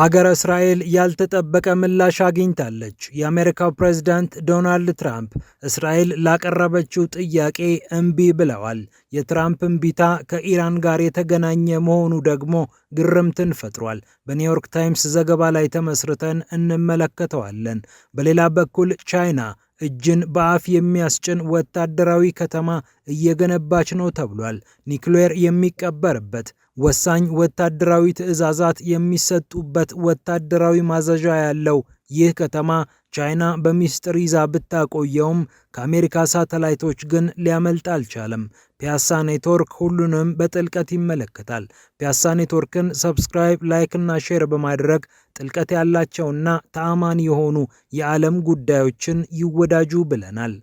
ሀገረ እስራኤል ያልተጠበቀ ምላሽ አግኝታለች። የአሜሪካው ፕሬዝዳንት ዶናልድ ትራምፕ እስራኤል ላቀረበችው ጥያቄ እምቢ ብለዋል። የትራምፕ እምቢታ ከኢራን ጋር የተገናኘ መሆኑ ደግሞ ግርምትን ፈጥሯል። በኒውዮርክ ታይምስ ዘገባ ላይ ተመስርተን እንመለከተዋለን። በሌላ በኩል ቻይና እጅን በአፍ የሚያስጭን ወታደራዊ ከተማ እየገነባች ነው ተብሏል። ኒውክሌር የሚቀበርበት ወሳኝ ወታደራዊ ትዕዛዛት የሚሰጡበት ወታደራዊ ማዘዣ ያለው ይህ ከተማ ቻይና በሚስጥር ይዛ ብታቆየውም ከአሜሪካ ሳተላይቶች ግን ሊያመልጥ አልቻለም። ፒያሳ ኔትወርክ ሁሉንም በጥልቀት ይመለከታል። ፒያሳ ኔትወርክን ሰብስክራይብ፣ ላይክ እና ሼር በማድረግ ጥልቀት ያላቸውና ተአማኒ የሆኑ የዓለም ጉዳዮችን ይወዳጁ ብለናል።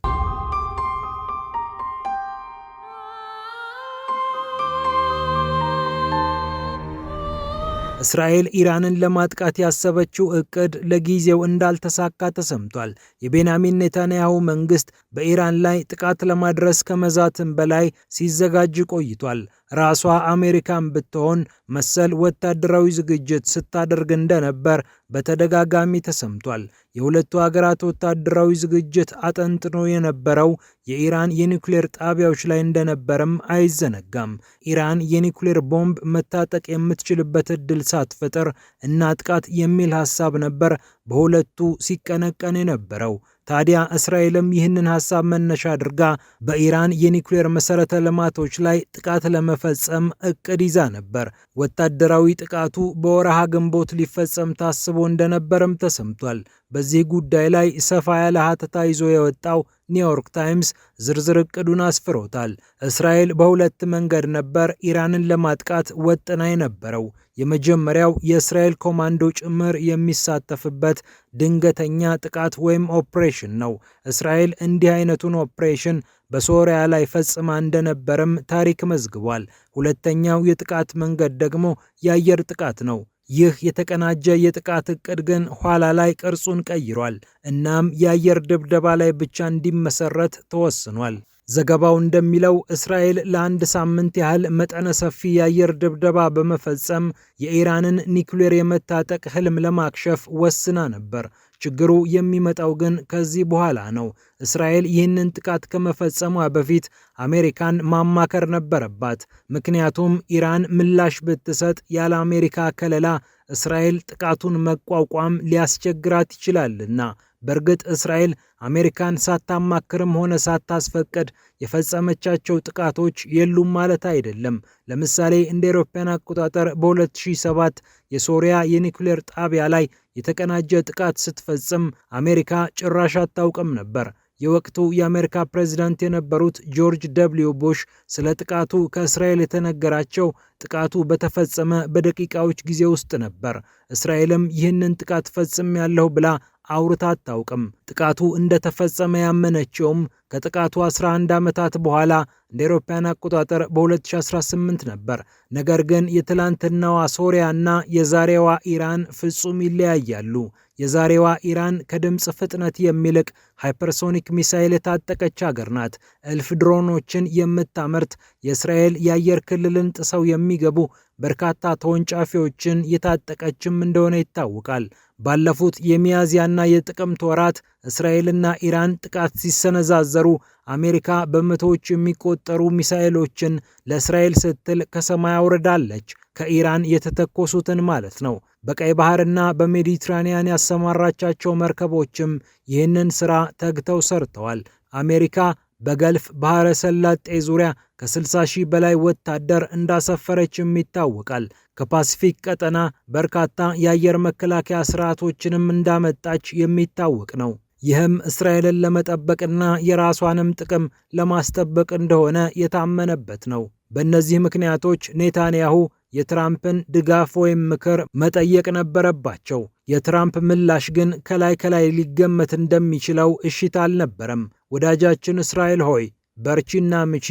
እስራኤል ኢራንን ለማጥቃት ያሰበችው እቅድ ለጊዜው እንዳልተሳካ ተሰምቷል። የቤንያሚን ኔታንያሁ መንግስት በኢራን ላይ ጥቃት ለማድረስ ከመዛትም በላይ ሲዘጋጅ ቆይቷል። ራሷ አሜሪካን ብትሆን መሰል ወታደራዊ ዝግጅት ስታደርግ እንደነበር በተደጋጋሚ ተሰምቷል። የሁለቱ ሀገራት ወታደራዊ ዝግጅት አጠንጥኖ የነበረው የኢራን የኒውክሌር ጣቢያዎች ላይ እንደነበረም አይዘነጋም። ኢራን የኒውክሌር ቦምብ መታጠቅ የምትችልበት እድል ሳትፈጥር እናጥቃት የሚል ሀሳብ ነበር በሁለቱ ሲቀነቀን የነበረው። ታዲያ እስራኤልም ይህንን ሀሳብ መነሻ አድርጋ በኢራን የኒውክሌር መሰረተ ልማቶች ላይ ጥቃት ለመፈጸም እቅድ ይዛ ነበር። ወታደራዊ ጥቃቱ በወረሃ ግንቦት ሊፈጸም ታስቦ እንደነበረም ተሰምቷል። በዚህ ጉዳይ ላይ ሰፋ ያለ ሀተታ ይዞ የወጣው ኒውዮርክ ታይምስ ዝርዝር እቅዱን አስፍሮታል። እስራኤል በሁለት መንገድ ነበር ኢራንን ለማጥቃት ወጥና የነበረው። የመጀመሪያው የእስራኤል ኮማንዶ ጭምር የሚሳተፍበት ድንገተኛ ጥቃት ወይም ኦፕሬሽን ነው። እስራኤል እንዲህ አይነቱን ኦፕሬሽን በሶሪያ ላይ ፈጽማ እንደነበረም ታሪክ መዝግቧል። ሁለተኛው የጥቃት መንገድ ደግሞ የአየር ጥቃት ነው። ይህ የተቀናጀ የጥቃት እቅድ ግን ኋላ ላይ ቅርጹን ቀይሯል። እናም የአየር ድብደባ ላይ ብቻ እንዲመሰረት ተወስኗል። ዘገባው እንደሚለው እስራኤል ለአንድ ሳምንት ያህል መጠነ ሰፊ የአየር ድብደባ በመፈጸም የኢራንን ኒውክሌር የመታጠቅ ህልም ለማክሸፍ ወስና ነበር። ችግሩ የሚመጣው ግን ከዚህ በኋላ ነው። እስራኤል ይህንን ጥቃት ከመፈጸሟ በፊት አሜሪካን ማማከር ነበረባት። ምክንያቱም ኢራን ምላሽ ብትሰጥ ያለ አሜሪካ ከለላ እስራኤል ጥቃቱን መቋቋም ሊያስቸግራት ይችላልና። በእርግጥ እስራኤል አሜሪካን ሳታማክርም ሆነ ሳታስፈቅድ የፈጸመቻቸው ጥቃቶች የሉም ማለት አይደለም። ለምሳሌ እንደ አውሮፓውያን አቆጣጠር በ2007 የሶሪያ የኒውክሌር ጣቢያ ላይ የተቀናጀ ጥቃት ስትፈጽም አሜሪካ ጭራሽ አታውቅም ነበር። የወቅቱ የአሜሪካ ፕሬዝዳንት የነበሩት ጆርጅ ደብሊው ቡሽ ስለ ጥቃቱ ከእስራኤል የተነገራቸው ጥቃቱ በተፈጸመ በደቂቃዎች ጊዜ ውስጥ ነበር። እስራኤልም ይህንን ጥቃት ፈጽም ያለሁ ብላ አውርታ አታውቅም። ጥቃቱ እንደተፈጸመ ያመነችውም ከጥቃቱ 11 ዓመታት በኋላ እንደ አውሮፓውያን አቆጣጠር በ2018 ነበር። ነገር ግን የትላንትናዋ ሶሪያ እና የዛሬዋ ኢራን ፍጹም ይለያያሉ። የዛሬዋ ኢራን ከድምፅ ፍጥነት የሚልቅ ሃይፐርሶኒክ ሚሳይል የታጠቀች ሀገር ናት። እልፍ ድሮኖችን የምታመርት የእስራኤል የአየር ክልልን ጥሰው የሚገቡ በርካታ ተወንጫፊዎችን የታጠቀችም እንደሆነ ይታወቃል። ባለፉት የሚያዝያና የጥቅምት ወራት እስራኤልና ኢራን ጥቃት ሲሰነዛዘሩ አሜሪካ በመቶዎች የሚቆጠሩ ሚሳኤሎችን ለእስራኤል ስትል ከሰማይ አውርዳለች። ከኢራን የተተኮሱትን ማለት ነው። በቀይ ባህርና በሜዲትራኒያን ያሰማራቻቸው መርከቦችም ይህንን ስራ ተግተው ሰርተዋል። አሜሪካ በገልፍ ባህረ ሰላጤ ዙሪያ ከ60 ሺህ በላይ ወታደር እንዳሰፈረችም ይታወቃል። ከፓሲፊክ ቀጠና በርካታ የአየር መከላከያ ስርዓቶችንም እንዳመጣች የሚታወቅ ነው። ይህም እስራኤልን ለመጠበቅና የራሷንም ጥቅም ለማስጠበቅ እንደሆነ የታመነበት ነው። በእነዚህ ምክንያቶች ኔታንያሁ የትራምፕን ድጋፍ ወይም ምክር መጠየቅ ነበረባቸው። የትራምፕ ምላሽ ግን ከላይ ከላይ ሊገመት እንደሚችለው እሽታ አልነበረም። ወዳጃችን እስራኤል ሆይ በርቺና ምቺ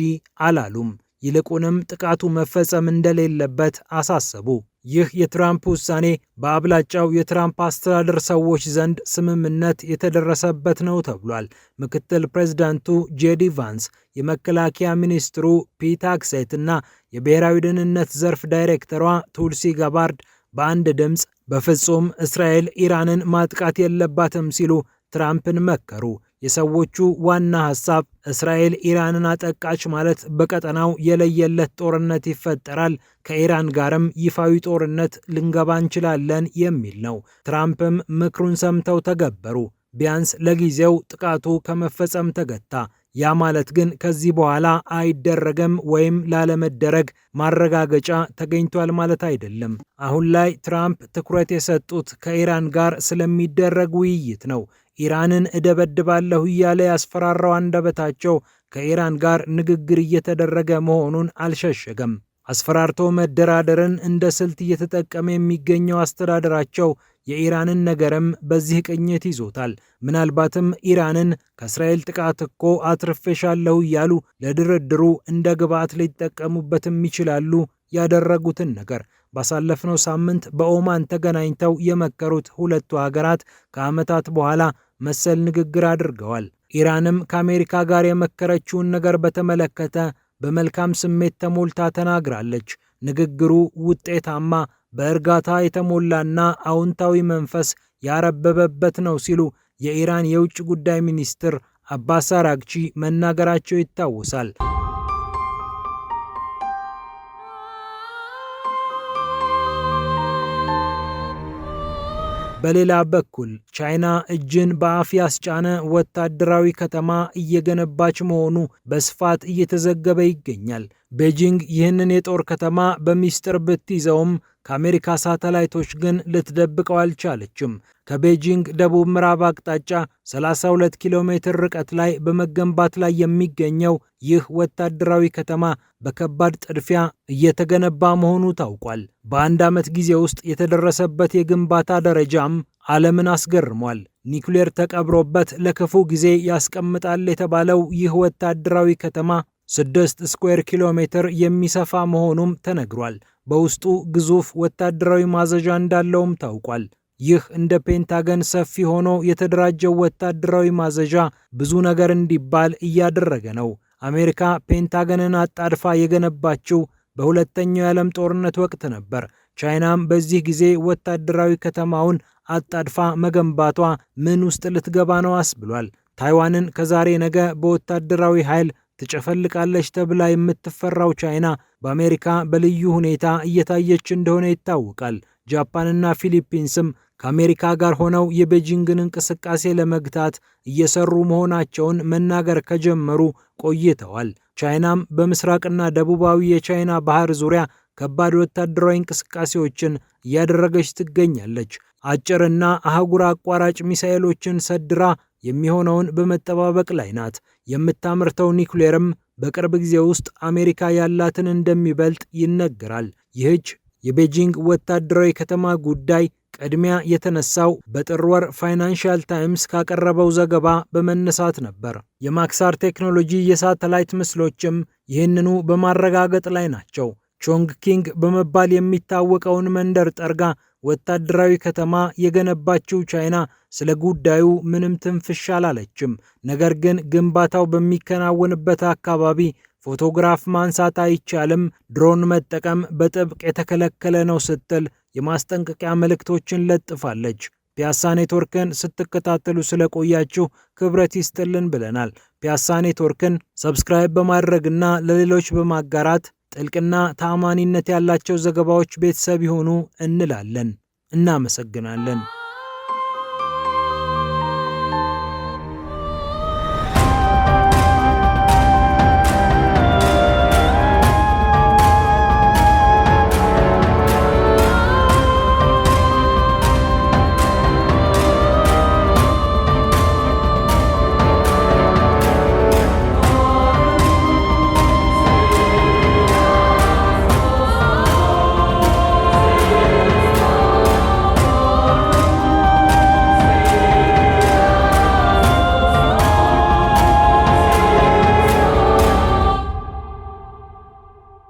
አላሉም። ይልቁንም ጥቃቱ መፈጸም እንደሌለበት አሳሰቡ። ይህ የትራምፕ ውሳኔ በአብላጫው የትራምፕ አስተዳደር ሰዎች ዘንድ ስምምነት የተደረሰበት ነው ተብሏል። ምክትል ፕሬዚዳንቱ ጄዲ ቫንስ፣ የመከላከያ ሚኒስትሩ ፒት ሄግሴት እና የብሔራዊ ደህንነት ዘርፍ ዳይሬክተሯ ቱልሲ ጋባርድ በአንድ ድምፅ በፍጹም እስራኤል ኢራንን ማጥቃት የለባትም ሲሉ ትራምፕን መከሩ። የሰዎቹ ዋና ሀሳብ እስራኤል ኢራንን አጠቃች ማለት በቀጠናው የለየለት ጦርነት ይፈጠራል፣ ከኢራን ጋርም ይፋዊ ጦርነት ልንገባ እንችላለን የሚል ነው። ትራምፕም ምክሩን ሰምተው ተገበሩ። ቢያንስ ለጊዜው ጥቃቱ ከመፈጸም ተገታ። ያ ማለት ግን ከዚህ በኋላ አይደረገም ወይም ላለመደረግ ማረጋገጫ ተገኝቷል ማለት አይደለም። አሁን ላይ ትራምፕ ትኩረት የሰጡት ከኢራን ጋር ስለሚደረግ ውይይት ነው። ኢራንን እደበድባለሁ እያለ ያስፈራራው አንደበታቸው ከኢራን ጋር ንግግር እየተደረገ መሆኑን አልሸሸገም። አስፈራርቶ መደራደርን እንደ ስልት እየተጠቀመ የሚገኘው አስተዳደራቸው የኢራንን ነገርም በዚህ ቅኝት ይዞታል። ምናልባትም ኢራንን ከእስራኤል ጥቃት እኮ አትርፌሻለሁ እያሉ ለድርድሩ እንደ ግብዓት ሊጠቀሙበትም ይችላሉ ያደረጉትን ነገር ባሳለፍነው ሳምንት በኦማን ተገናኝተው የመከሩት ሁለቱ ሀገራት ከዓመታት በኋላ መሰል ንግግር አድርገዋል። ኢራንም ከአሜሪካ ጋር የመከረችውን ነገር በተመለከተ በመልካም ስሜት ተሞልታ ተናግራለች። ንግግሩ ውጤታማ፣ በእርጋታ የተሞላና አዎንታዊ መንፈስ ያረበበበት ነው ሲሉ የኢራን የውጭ ጉዳይ ሚኒስትር አባስ አራግቺ መናገራቸው ይታወሳል። በሌላ በኩል ቻይና እጅን በአፍ ያስጫነ ወታደራዊ ከተማ እየገነባች መሆኑ በስፋት እየተዘገበ ይገኛል። ቤጂንግ ይህንን የጦር ከተማ በሚስጥር ብትይዘውም ከአሜሪካ ሳተላይቶች ግን ልትደብቀው አልቻለችም። ከቤጂንግ ደቡብ ምዕራብ አቅጣጫ 32 ኪሎ ሜትር ርቀት ላይ በመገንባት ላይ የሚገኘው ይህ ወታደራዊ ከተማ በከባድ ጥድፊያ እየተገነባ መሆኑ ታውቋል። በአንድ ዓመት ጊዜ ውስጥ የተደረሰበት የግንባታ ደረጃም ዓለምን አስገርሟል። ኒውክሌር ተቀብሮበት ለክፉ ጊዜ ያስቀምጣል የተባለው ይህ ወታደራዊ ከተማ ስድስት ስኩዌር ኪሎ ሜትር የሚሰፋ መሆኑም ተነግሯል። በውስጡ ግዙፍ ወታደራዊ ማዘዣ እንዳለውም ታውቋል። ይህ እንደ ፔንታገን ሰፊ ሆኖ የተደራጀው ወታደራዊ ማዘዣ ብዙ ነገር እንዲባል እያደረገ ነው። አሜሪካ ፔንታገንን አጣድፋ የገነባችው በሁለተኛው የዓለም ጦርነት ወቅት ነበር። ቻይናም በዚህ ጊዜ ወታደራዊ ከተማውን አጣድፋ መገንባቷ ምን ውስጥ ልትገባ ነው አስብሏል። ታይዋንን ከዛሬ ነገ በወታደራዊ ኃይል ትጨፈልቃለች ተብላ የምትፈራው ቻይና በአሜሪካ በልዩ ሁኔታ እየታየች እንደሆነ ይታወቃል። ጃፓንና ፊሊፒንስም ከአሜሪካ ጋር ሆነው የቤጂንግን እንቅስቃሴ ለመግታት እየሰሩ መሆናቸውን መናገር ከጀመሩ ቆይተዋል። ቻይናም በምስራቅና ደቡባዊ የቻይና ባህር ዙሪያ ከባድ ወታደራዊ እንቅስቃሴዎችን እያደረገች ትገኛለች። አጭርና አህጉር አቋራጭ ሚሳኤሎችን ሰድራ የሚሆነውን በመጠባበቅ ላይ ናት። የምታመርተው ኒውክሌርም በቅርብ ጊዜ ውስጥ አሜሪካ ያላትን እንደሚበልጥ ይነገራል። ይህች የቤጂንግ ወታደራዊ ከተማ ጉዳይ ቅድሚያ የተነሳው በጥር ወር ፋይናንሻል ታይምስ ካቀረበው ዘገባ በመነሳት ነበር። የማክሳር ቴክኖሎጂ የሳተላይት ምስሎችም ይህንኑ በማረጋገጥ ላይ ናቸው። ቾንግ ኪንግ በመባል የሚታወቀውን መንደር ጠርጋ ወታደራዊ ከተማ የገነባችው ቻይና ስለ ጉዳዩ ምንም ትንፍሽ አላለችም። ነገር ግን ግንባታው በሚከናወንበት አካባቢ ፎቶግራፍ ማንሳት አይቻልም፣ ድሮን መጠቀም በጥብቅ የተከለከለ ነው ስትል የማስጠንቀቂያ መልእክቶችን ለጥፋለች። ፒያሳ ኔትወርክን ስትከታተሉ ስለቆያችሁ ክብረት ይስጥልን ብለናል። ፒያሳ ኔትወርክን ሰብስክራይብ በማድረግና ለሌሎች በማጋራት ጥልቅና ተአማኒነት ያላቸው ዘገባዎች ቤተሰብ ይሆኑ እንላለን። እናመሰግናለን።